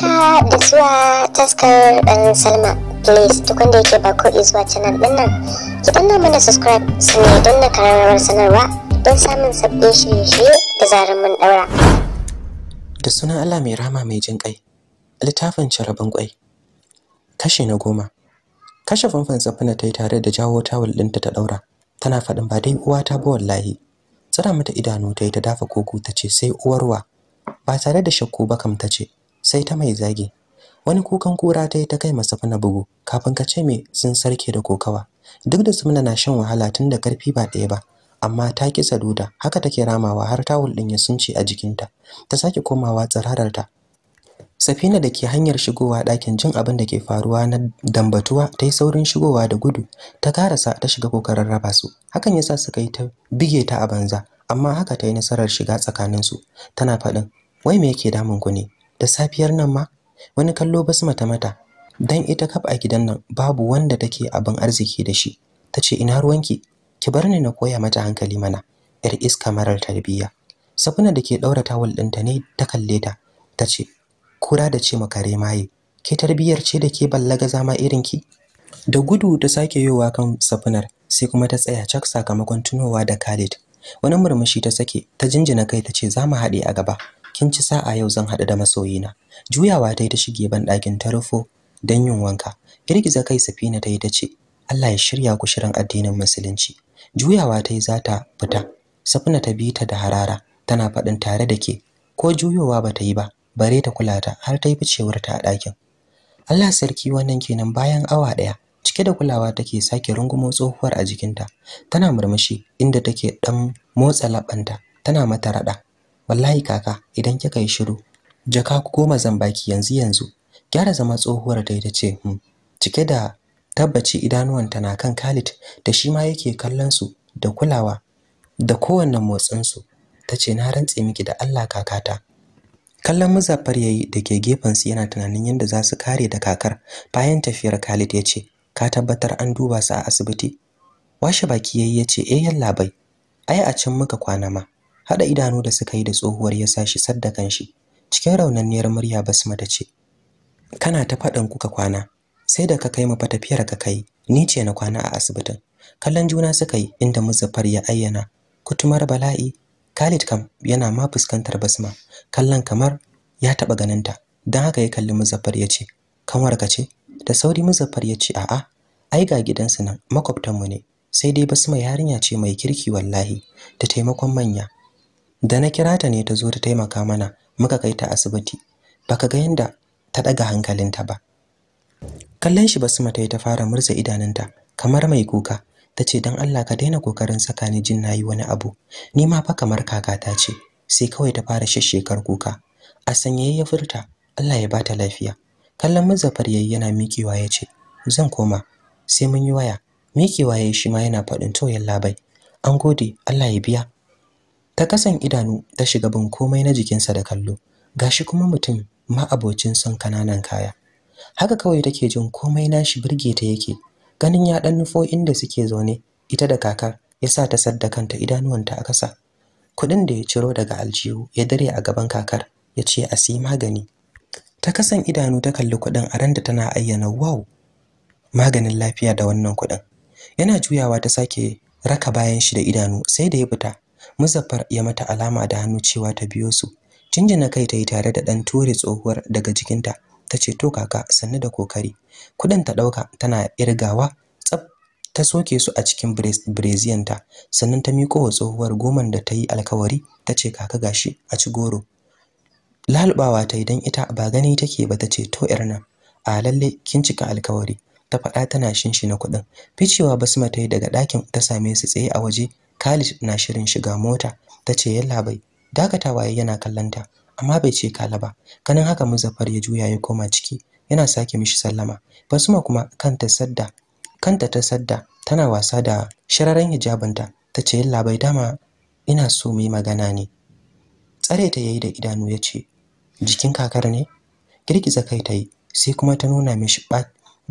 haka da zuwa taskar dan salma please duk wanda yake ba ko zuwa canal din nan ki danna mana subscribe su ne don na kararrawar sanarwa don samun sabbin shirye-shirye da zarar mun daura da sunan allah mai rama mai jin kai littafin carabin kwai kashi na goma kashe famfan safina ta yi tare da jawo tawul ɗinta ta ɗaura tana faɗin ba dai uwata ba wallahi tsira mata idanu ta yi ta dafa koko ta ce sai uwarwa ba tare da shakku ba kam ta ce sai ta mai zagi wani kukan kura ta yi ta kai masafina bugu kafin ka ce me sun sarke da kokawa duk da sumna na shan wahala tun da karfi ba ɗaya ba amma ta ki saduda haka take ramawa har tawul din ya sunce a jikinta ta sake komawa tsirararta Safina da ke hanyar shigowa ɗakin jin abin da ke faruwa na dambatuwa ta yi saurin shigowa da gudu ta karasa ta shiga kokarin raba su hakan yasa suka yi ta bige ta a banza amma haka ta yi nasarar shiga tsakaninsu tana faɗin wai me yake damun ku ne da safiyar nan ma wani kallo basma ta mata dan ita kaf a gidan nan babu wanda take abin arziki da shi tace ina ruwanki ki bar ni na koya mata hankali mana yar iska marar tarbiyya safuna da ke daura tawul din ta ne ta kalle ta tace kura da ce makare maye ke tarbiyyar ce da ke ballaga zama irin ki? da gudu ta sake yowa kan safunar sai kuma ta tsaya cak sakamakon tunowa da Khalid wani murmushi ta sake ta jinjina kai ta ce za mu haɗe a gaba kin ci sa'a yau zan hadu da masoyina juyawa ta yi ta shige ban ɗakin ta rufo don yin wanka girgiza kai safina ta yi ta ce Allah ya shirya ku shirin addinin musulunci juyawa ta yi za ta fita safina ta bi ta da harara tana faɗin tare da ke ko juyowa ba ta yi ba bare ta kula ta har ta yi ficewar ta a ɗakin Allah sarki wannan kenan bayan awa ɗaya cike da kulawa take sake rungumo tsohuwar a jikinta tana murmushi inda take ɗan motsa laɓanta tana mata raɗa wallahi kaka idan kika yi shiru jaka ku goma zan baki yanzu yanzu gyara zama tsohuwar da ta ce hmm. cike da tabbaci idanuwanta na kan Khalid da shi ma yake kallon su da kulawa da kowanne motsin su tace na rantse miki da Allah kakata kallon Muzaffar yayi da ke gefen su yana tunanin yadda za su kare da kakar bayan tafiyar Khalid ya ce ka tabbatar an duba su a asibiti washe baki yayi ya ce eh yalla bai ai a can muka kwana ma Haɗa idanu da suka yi da tsohuwar ya sa shi sadda kanshi. Cikin raunanniyar murya Basma ta ce, Kana ta faɗin kuka kwana, sai da ka kai mu fa tafiyar ka kai, ni ce na kwana a asibitin. Kallon juna suka yi inda Muzaffar ya ayyana, kutumar bala'i, Khalid kam yana ma fuskantar Basma, kallon kamar ya taɓa ganinta, don haka ya kalli Muzaffar ya ce, Kamar ka ce? Da sauri Muzaffar ya ce, A'a, ai ga gidansu nan, makwabtanmu ne, sai dai Basma yarinya ce mai kirki wallahi, da taimakon manya, da na kira ta ne ta zo ta taimaka mana muka kai ta asibiti baka ga yanda ta daga hankalinta ba kallon shi basma ta ta fara murza idanunta kamar mai kuka ta ce don Allah ka daina kokarin saka ni jin nayi wani abu ni ma fa kamar kaka ta ce sai kawai ta fara shesshekar kuka a sanyaye ya furta Allah ya bata lafiya kallon muzaffar yayi yana mikewa ya ce zan koma sai mun yi waya mikewa yayi shi ma yana faɗin to yalla an gode Allah ya biya ta kasan idanu ta shiga bin komai na jikinsa da kallo gashi kuma mutum ma abocin son kananan kaya haka kawai take jin komai na shi birge ta yake ganin ya dan nufo inda suke zaune ita da kakar ya sa ta sadda kanta idanuwanta a kasa kuɗin da ya ciro daga aljihu ya dare a gaban kakar ya ce a siyi magani ta kasan idanu ta kalli kuɗin a da tana ayyana wow maganin lafiya da wannan kuɗin yana juyawa ta sake raka bayan shi da idanu sai da ya fita Muzaffar ya mata alama da hannu cewa ta biyo su. Jinjina kai ta yi tare da ɗan ture tsohuwar daga jikinta. Ta ce to kaka sannu da kokari. Kuɗin ta ɗauka tana irgawa tsaf ta soke su a cikin breziyanta sannan ta miƙo wa tsohuwar goman da ta yi alkawari ta ce kaka gashi a ci goro. Lalbawa ta idan ita ba gani take ba ta ce to nan. a lalle kin cika alkawari ta faɗa tana shinshina kuɗin ficewa basma ta yi daga ɗakin ta same su tsaye a waje Khalid na shirin shiga mota tace bai dakatawa yayi yana kallanta amma bai ce kala ba kanin haka Muzaffar ya juya ya koma ciki yana sake mishi sallama Basma kuma kanta sadda kanta ta sadda tana wasa da shararren hijabinta tace bai dama ina so mu yi magana ne tsare ta yayi da idanu yace jikin kakar ne girgiza kai ta yi sai kuma ta nuna mishi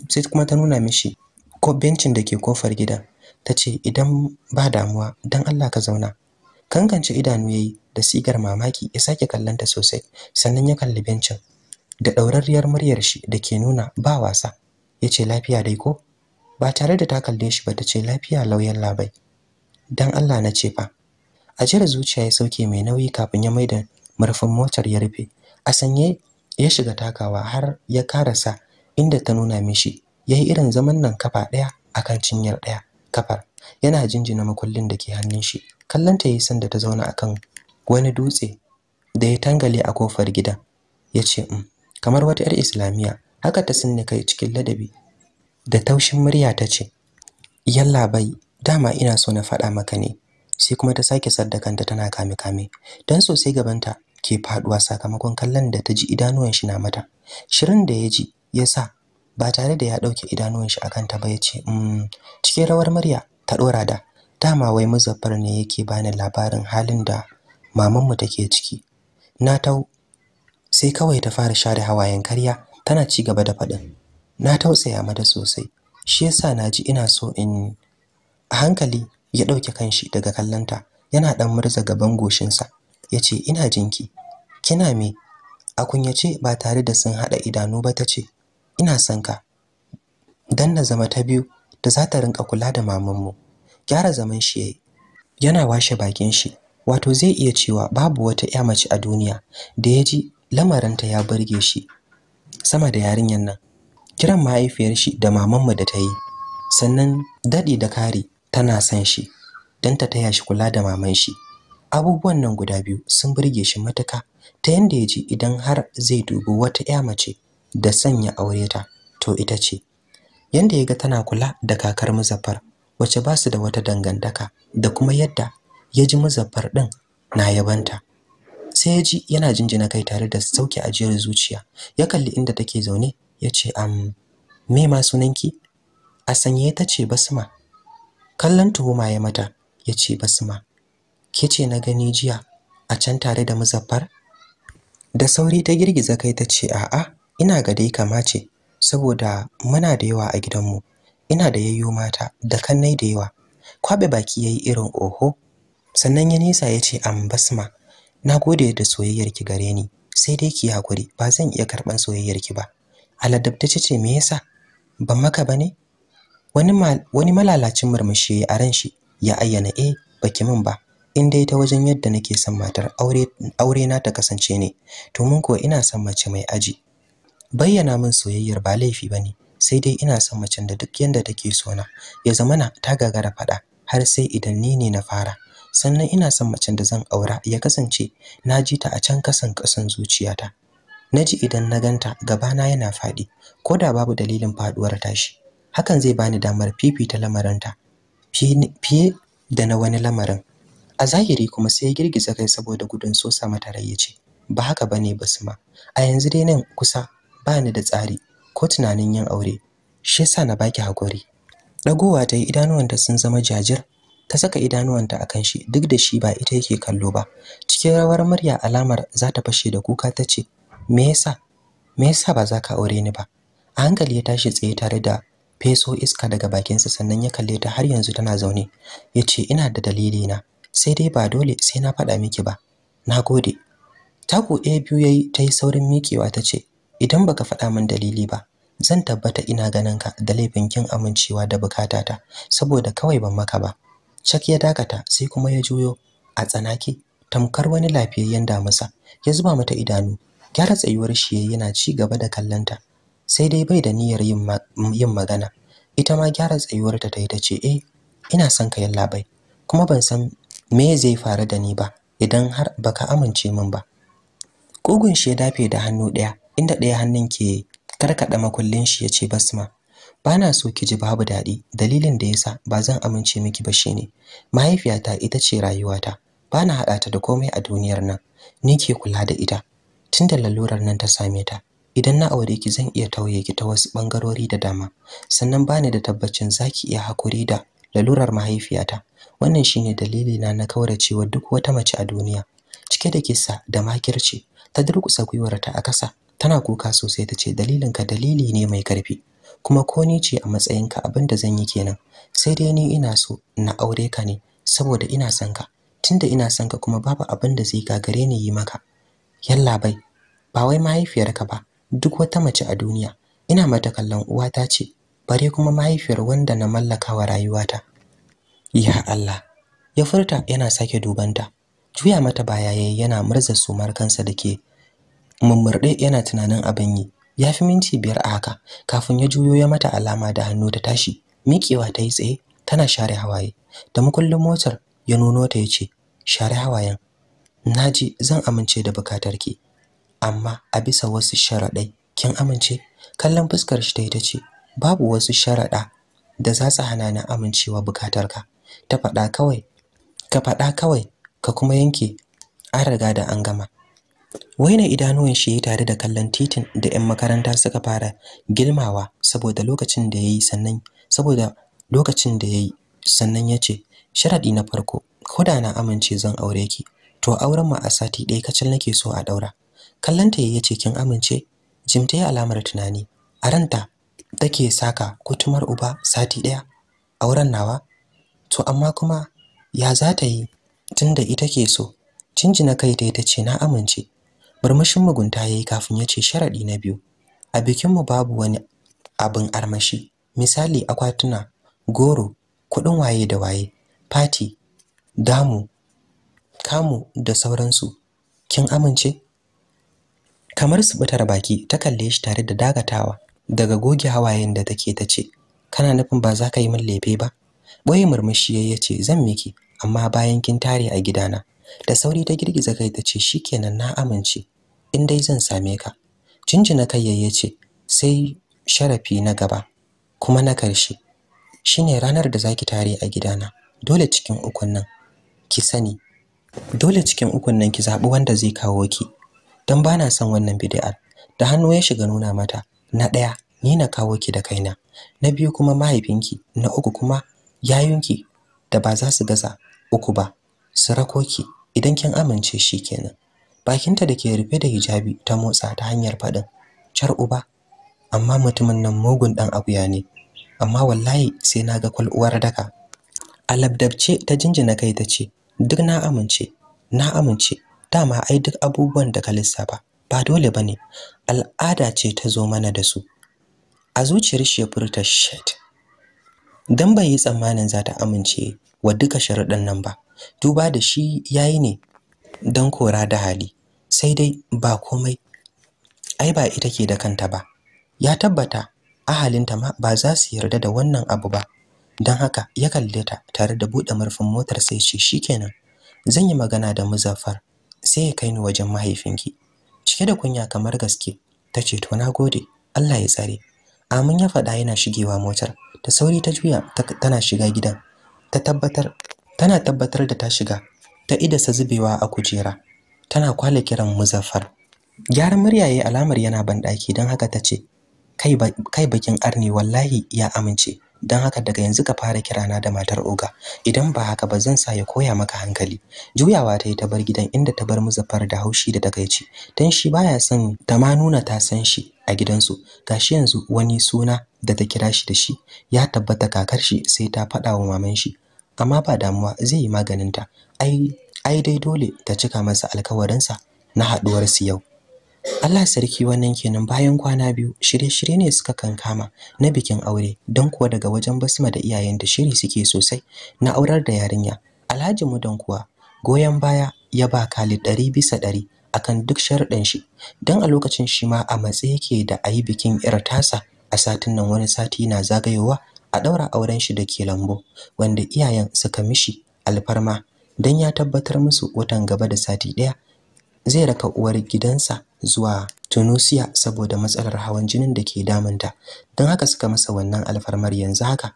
sai kuma ta nuna mishi ko bencin da ke kofar gidan ta ce idan ba damuwa don Allah ka zauna Kankance idanu yayi da sigar mamaki ya sake kallanta sosai sannan ya kalli bencin da ɗaurarriyar muryar shi da ke nuna ba wasa ya ce lafiya dai ko ba tare da ta kalle shi ba ta ce lafiya lauyan labai don Allah na ce fa a jira zuciya ya sauke mai nauyi kafin ya maida murfin motar ya rufe a sanye ya shiga takawa har ya karasa inda ta nuna mishi yi irin zaman nan kafa ɗaya a kan cinyar ɗaya kafar yana jinjina makullin da ke hannun shi kallanta yi sanda ta zauna akan wani dutse da ya tangale a kofar gidan yace um mm, kamar wata 'yar islamiyya, haka ta sinne kai cikin ladabi da taushin murya ta ce yalla bai dama ina so na faɗa maka ne sai kuma ta sake kanta tana kame kame Don sosai gabanta ke faɗuwa sakamakon kallon da ta ji idanuwan shi na mata shirin da ya ji ya sa ba tare da ya ɗauke idanuwan shi akan ta ba ya ce mm, cikin rawar murya ta ɗora da dama wai muzaffar ne yake bani labarin halin da mamanmu take ciki na tau sai kawai ta fara share hawayen karya tana ci gaba da faɗin na tausaya mata sosai shi yasa ji ina so in a hankali ya ɗauke kanshi daga kallonta yana ɗan murza gaban goshinsa ya ce ina jinki kina me a kunyace ba tare da sun haɗa idanu ba ta ce ina son ka dan na zama ta biyu da za ta rinka kula da mamanmu gyara zaman shi yayi yana washe bakin shi wato zai iya cewa babu wata ya mace a duniya da ya ji lamaranta ya burge shi sama da yarinyar nan kiran mahaifiyar shi da mamanmu da ta yi sannan daɗi da kari tana son shi don ta taya shi kula da maman shi abubuwan nan guda biyu sun burge shi matuka ta yanda ya ji idan har zai dubi wata ya mace da ya aure ta to ita ce yanda yaga tana kula da kakar Muzaffar wace ba su da wata dangantaka da kuma yadda ya ji Muzaffar din na yabanta sai ya ji yana jinjina kai tare da sauki ajiyar zuciya ya kalli inda take zaune ya ce am me ma sunanki a sanye ta ce basma kallon tuhuma ya mata ya ce basma ke ce na gani jiya a can tare da muzaffar da sauri ta girgiza kai ta ce a'a ina ga dai kama saboda muna da yawa a gidanmu ina da yayyo mata da kannai da yawa kwabe baki yayi irin oho sannan ya nisa ya ce ambasma. na gode da soyayyarki gare ni sai dai ki hakuri ba zan iya karban soyayyarki ba aladabta ce me yasa ban maka bane wani wani malalacin murmushi a ran shi ya ayyana eh baki min ba in dai ta wajen yadda nake son matar aure na ta kasance ne to mun ko ina son mace mai aji bayyana min soyayyar ba laifi bane sai dai ina son macen da duk yanda take so na ya zamana ta gagara faɗa har sai idan ni ne na fara sannan ina son macen da zan aura ya kasance na ji ta a can kasan kasan zuciyata naji idan na ganta gabana yana faɗi ko da babu dalilin faɗuwar tashi hakan zai bani damar fifita lamarinta fiye da na wani lamarin a zahiri kuma sai girgiza kai saboda gudun sosa mata rai ba haka bane basma a yanzu dai nan kusa Bani da tsari ko tunanin yin aure shi yasa na baki hakuri dagowa ta yi idanuwanta sun zama jajir ta saka idanuwanta akan shi duk da shi ba ita yake kallo ba cikin rawar murya alamar za ta fashe da kuka ta ce me yasa me yasa ba za ka aure ni ba a hankali ya tashi tsaye tare da feso iska daga bakinsa sannan ya kalle ta har yanzu tana zaune ya ce ina da dalili na sai dai ba dole sai na faɗa miki ba na gode taku ɗaya biyu ya yi ta yi saurin miƙewa ta ce idan baka faɗa min dalili ba zan tabbata ina ganin ka da laifin kin amincewa da bukatata saboda kawai ban maka ba chak ya dakata sai kuma ya juyo a tsanaki. tamkar wani lafiyayyen damusa ya zuba mata idanu gyara tsayuwar shi yana ci gaba da kallanta sai dai bai da niyyar yin magana ita ma gyara tsayuwar ta tayi ce, eh ina son ka labai kuma ban san me zai faru da ni ba idan har baka amince min ba kugun shi ya dafe da hannu daya inda ɗaya hannun ke karkaɗa makullin shi ya ce basma ba na so ki ji babu daɗi dalilin da yasa ba zan amince miki ba shine mahaifiyata ita ce rayuwata ba na haɗa ta da komai a duniyar nan ni ke kula da ita tun da lalurar nan ta same ta idan na aure ki zan iya tauye ki ta wasu ɓangarori da dama sannan ba ni da tabbacin za ki iya haƙuri da lalurar mahaifiyata wannan shine dalilina na kauracewa duk wata mace a duniya cike da kisa da makirci ta durƙusa gwiwarta a ƙasa tana kuka sosai ta ce dalilinka dalili ne mai karfi kuma ko ni ce a matsayinka abin da zan yi kenan sai dai ni ina so na aure ka ne saboda ina son ka tunda ina son ka kuma babu abin da zai gagare ni yi maka yalla bai ba wai mahaifiyarka ba duk wata mace a duniya ina mata kallon uwata ce bare kuma mahaifiyar wanda na mallakawa rayuwata ya Allah ya furta yana sake dubanta juya mata baya yayi yana murza sumar kansa dake mummurde yana tunanin abin yi ya fi minti biyar a haka kafin ya juyo ya mata alama da hannu ta tashi miƙewa ta yi tsaye tana share hawaye da makullin motar ya nuno ta ya ce share hawayen Na ji zan amince da ki, amma a bisa wasu sharaɗai kin amince kallon fuskar shi ta ita ce babu wasu sharaɗa da za su hana na amincewa bukatarka ta faɗa kawai ka faɗa kawai ka kuma yanke an riga da an gama waina idanuwan shi tare da kallon titin da 'yan makaranta suka fara girmawa saboda lokacin da yayi sannan saboda lokacin da yayi sannan yace, sharadi na farko koda na amince zan aure ki to auren mu a sati ɗaya kacal nake so a daura kallanta ya yace kin amince jim ta yi alamar tunani a ranta take saka kutumar uba sati ɗaya auren nawa to amma kuma ya za ta yi tunda ita ke so na kai ta ce na amince murmushin mugunta yayi kafin ya ce sharaɗi na biyu a bikin mu babu wani abin armashi misali akwatuna goro kuɗin waye da waye fati damu kamu da sauransu kin amince kamar su bitar baki ta kalle shi tare da dagatawa daga goge hawayen da take ta ce kana nufin ba za ka yi min lefe ba boye murmushi yayi ce zan miki amma bayan kin tare a gidana da sauri ta girgiza kai ta ce shikenan na amince in dai zan same ka jinjina kai yayye ce sai sharafi na gaba kuma na karshe shine ranar da zaki tare a gidana dole cikin ukun nan ki sani dole cikin ukun nan ki zabi wanda zai kawo ki dan bana son wannan bid'ar da hannu ya shiga nuna mata na daya ni na kawo ki da kaina na biyu kuma mahaifinki na uku kuma yayunki da ba za su gaza uku ba su rako ki idan kin amince shi kenan bakinta da ke rufe da hijabi ta motsa ta hanyar faɗin car uba amma mutumin nan mugun ɗan akuya ne amma wallahi sai na ga kwal'uwar daka a labdabce ta jinjina kai ta ce duk na amince na amince dama ai duk abubuwan da ka lissafa ba dole ba ne al'ada ce ta zo mana da su a zuciyar shi ta furta dan bai yi tsammanin za ta amince wa duka sharuɗan nan ba duba da shi yayi ne don kora da hali sai dai ba komai ai ba ita ke da kanta ba ya tabbata ahalinta ma ba za su yarda da wannan abu ba don haka ya kalle ta tare da buɗe murfin motar sai shi shikenan zan yi magana da muzaffar sai ya kai ni wajen mahaifinki cike da kunya kamar gaske ta ce to na gode Allah ya tsare amin ya faɗa yana shigewa motar ta sauri ta juya tana shiga gidan ta tabbatar tana tabbatar da ta shiga ta idasa zubewa a kujera tana kwale kiran Muzaffar gyaran murya yayi alamar yana banɗaki don haka tace ce kai bakin arni wallahi ya amince don haka daga yanzu ka fara kirana da matar oga idan ba haka ba zan sa ya koya maka hankali juyawa ta yi ta bar gidan inda ta bar muzaffar da haushi da takaici don shi baya son ta ma nuna ta san shi a gidansu gashi yanzu wani suna da ta kira shi da shi ya tabbata kakar shi sai ta faɗa wa maman shi amma ba damuwa zai yi maganinta ai ai dai dole ta cika masa alkawarinsa na haduwar su yau Allah sarki wannan kenan bayan kwana biyu shirye-shirye ne suka kankama na bikin aure don kuwa daga wajen basma da iyayen da shiri suke sosai na aurar da yarinya Alhaji Mudan kuwa goyon baya ya ba Khalid ɗari bisa ɗari akan duk sharɗin shi don a lokacin shi ma a matse yake da a yi bikin irin tasa a satin nan wani sati na zagayowa a ɗaura auren shi da ke lambo wanda iyayen suka mishi alfarma dan ya tabbatar musu watan gaba da sati ɗaya zai raka uwar gidansa zuwa Tunisia saboda matsalar hawan jinin da ke damunta dan haka suka masa wannan alfarmar yanzu haka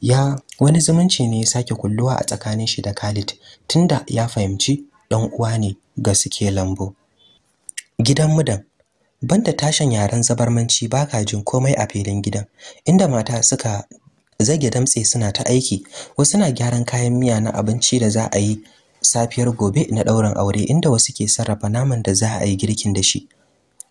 ya wani zumunci ne ya sake kulluwa a tsakanin shi da Khalid tunda ya fahimci dan uwa ne ga suke lambo gidan mudan banda tashin yaren zabarmanci baka jin komai a filin gidan inda mata suka zage damtse suna ta aiki wasu na gyaran kayan miya na abinci da za a yi safiyar gobe na ɗaurin aure inda wasu ke sarrafa naman da za a yi girkin da shi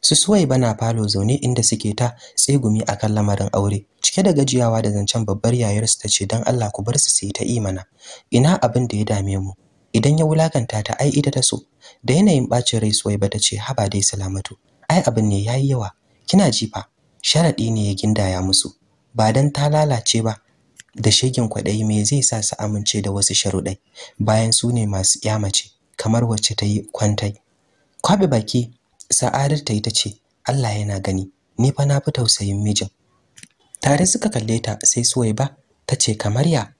su suwai bana falo zaune inda suke ta tsegumi a kan lamarin aure cike da gajiyawa da zancen babbar yayarsu ta ce don Allah ku bar su su yi ta imana ina abin da ya dame mu idan ya wulakanta ta ai ita ta so da yanayin bacin rai suwai ta ce haba dai salamatu ai abin ne yayi yawa kina jifa Sharaɗi ne ya gindaya musu ba dan ta lalace ba da shegin kwaɗayi me zai sa su amince da wasu sharuɗai bayan su ne masu mace kamar wacce ta yi kwantai kwabe baki sa'adar ta yi ta ce Allah yana gani ni fa na fi tausayin mijin tare suka kalle ta sai suwai ba ta ce kamar ya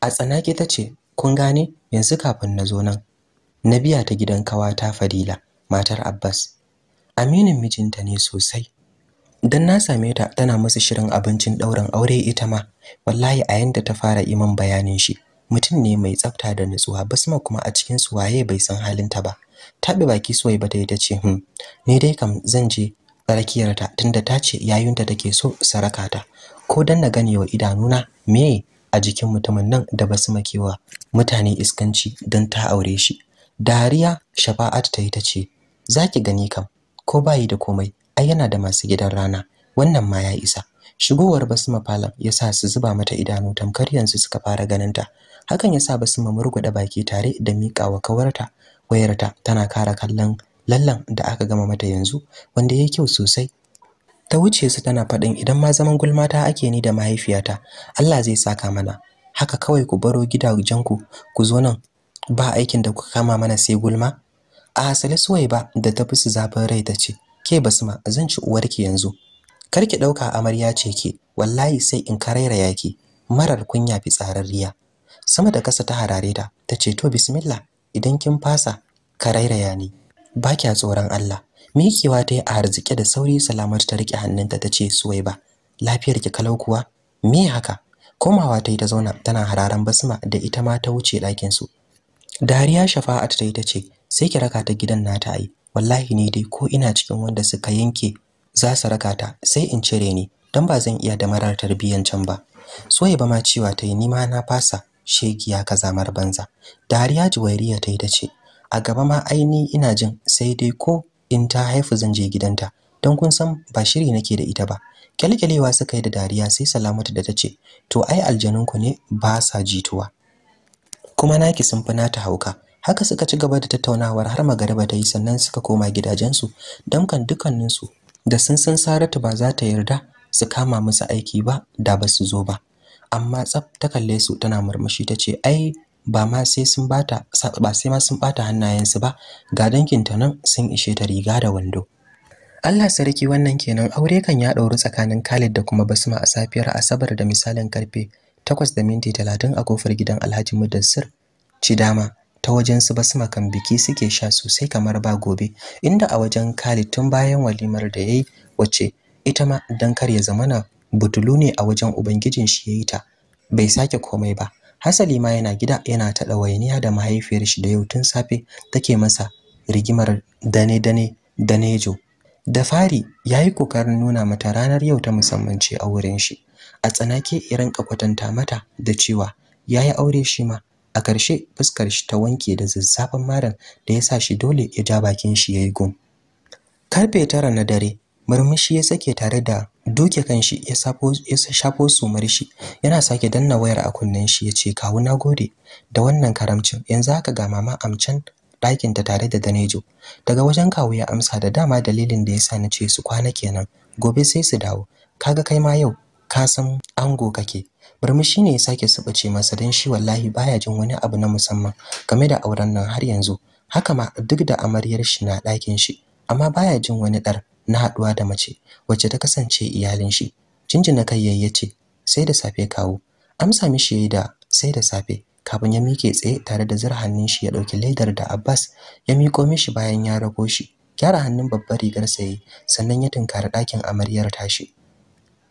a tsanake ta ce kun gane yanzu kafin na zo nan na biya ta gidan kawata fadila matar abbas aminin mijinta ne sosai dan na same ta tana musu shirin abincin ɗaurin aure ita ma wallahi a yanda ta fara iman bayanin shi mutum ne mai tsafta da nutsuwa basma kuma a cikin su waye bai san halinta ba bi baki suwai ba ta yi ta ce hmm ni dai kam zan je ta tunda ta ce yayunta take so saraka ta ko dan na gane wa idanuna me a jikin mutumin nan da basu makewa mutane iskanci dan ta aure shi dariya shafa'at ta yi ta ce za gani kam ko bayi da komai ai yana da masu gidan rana wannan ma ya isa shigowar basma falon ya sa su zuba mata idanu tamkar yanzu suka fara ganinta hakan ya sa basma murguɗa baki tare da miƙawa kawarta wayarta tana kara kallon lallan da aka gama mata yanzu wanda ya kyau sosai ta wuce su tana faɗin idan ma zaman gulmata ake ni da mahaifiyata Allah zai saka mana haka kawai ku baro gidajenku ku zo nan ba aikin da kuka kama mana sai gulma a hasali suwai ba da ta fi su zafin rai ta ce ke basma zan ci uwarki yanzu Kar ki dauka amarya ce ke wallahi sai in karaira yaki marar kunya tsararriya. sama da kasa ta harare ta tace to bismillah idan kin fasa ya ni ba kya tsoron Allah mikiwa ta yi a arzike da sauri salamar ta rike hannunta ta ce ba lafiyar ki kalau kuwa me haka komawa ta yi ta zauna tana hararen basma da ita ma ta wuce ɗakinsu. su dariya shafa'at ta yi ta ce sai ki raka ta gidan nata ai wallahi ne dai ko ina cikin wanda suka yanke za su raka ta sai in cire ni don ba zan iya da marar tarbiyyan can ba soye ba ma cewa ta yi ni na fasa shegiya kazamar banza dariya juwairiya ta yi ta ce a gaba ma aini ina jin sai dai ko in ta haifu zan je gidanta don kun san ba shiri nake da ita ba kyalkyalewa suka yi da dariya sai salamatu da ta ce to ai aljanunku ne ba sa jituwa kuma naki sun fi nata hauka haka suka ci gaba da tattaunawar har magaraba ta yi sannan suka koma gidajensu don kan dukkaninsu da sun san saratu ba za ta yarda su kama musu aiki ba da ba su zo ba amma tsaf ta kalle su tana murmushi ta ce ai ba ma sai sun bata ba sai ma sun bata hannayensu ba ga ta nan sun ishe ta riga da wando Allah sarki wannan kenan aure kan ya ɗauri tsakanin Khalid da kuma Basma a safiyar Asabar da misalin karfe takwas da minti talatin a kofar gidan Alhaji Mudassir dama. ta wajen su basma kan biki suke sha sosai kamar ba gobe inda a wajen Khalid tun bayan walimar da yayi wace ita ma dan kar ya zamana butulu ne a wajen ubangijin shi yayi ta bai sake komai ba hasali ma yana gida yana ta ɗawainiya da mahaifiyar shi da yau tun safe take masa rigimar dane dane danejo da fari ya yi kokarin nuna mata ranar yau ta musamman ce a wurin shi a tsanake irin kwatanta mata da cewa yayi aure shi ma a ƙarshe fuskar shi ta wanke da zazzafan maran da ya sa shi dole ya ja bakin shi ya yi gum karfe tara na dare murmushi ya sake tare da duke kan shi ya shafo su murshi, yana sake danna wayar a kunnen shi ya ce kawu na gode da wannan karamcin yanzu haka ga mama amcan ɗakin ta tare da danejo daga wajen kawu ya amsa da dama dalilin da ya sa na ce su kwana kenan gobe sai su dawo kaga kai ma yau ka san ango kake shi ne ya sake subuce masa dan shi wallahi baya jin wani abu na musamman game da auren nan har yanzu. Haka ma duk da amaryar shi na ɗakin shi, amma baya jin wani ɗar na haɗuwa da mace wacce ta kasance iyalin shi. Jinjina kai yayi ce, sai da safe kawo. Amsa mishi yayi da sai da safe kafin ya mike tsaye tare da zar hannun shi ya ɗauki ledar da Abbas ya miko mishi bayan ya rago shi. Gyara hannun babbar rigar sa yayi sannan ya tunkari ɗakin amaryar tashi.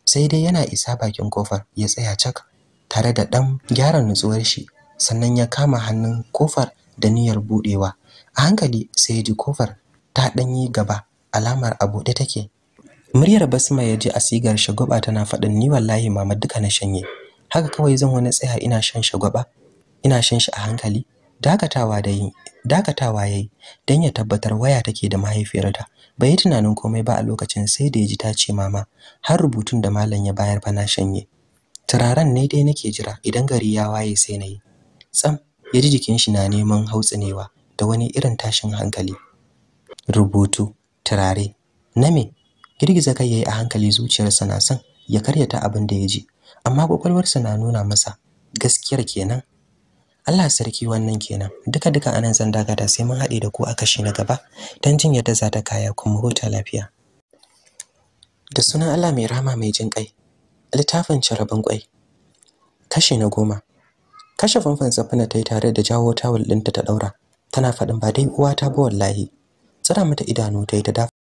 sai dai yana isa bakin kofar ya tsaya cak tare da dan gyara nutsuwar shi sannan ya kama hannun kofar da niyyar budewa a hankali sai ya ji kofar ta danyi gaba alamar a bude take muryar basma ya ji asigar shagwaba tana faɗin ni wallahi mama duka na shanye haka kawai zan wani tsaya ina shan shagwaba ina shan shi a hankali dakatawa da yi dakatawa yayi dan ya tabbatar waya take da mahaifiyarta bai yi tunanin komai ba a lokacin sai da ya ji ta ce mama har rubutun da malam ya bayar fa na shanye turaren ne dai nake jira idan gari ya waye sai na yi tsam ya ji jikin shi na neman hautsinewa da wani irin tashin hankali rubutu turare na girgiza kai yayi a hankali zuciyarsa na son ya karyata abin da ya ji amma kwakwalwarsa na nuna masa gaskiyar kenan Allah sarki wannan kenan duka duka anan zan daga da sai mun haɗe da ku a kashi na gaba dan jin yadda za ta kaya kuma huta lafiya da sunan Allah mai rama mai jin kai littafin carabin kwai kashi na goma kashe fanfan safuna ta tare da jawo tawul ɗinta ta ɗaura tana faɗin ba dai uwata ba wallahi tsara mata idanu ta yi ta dafa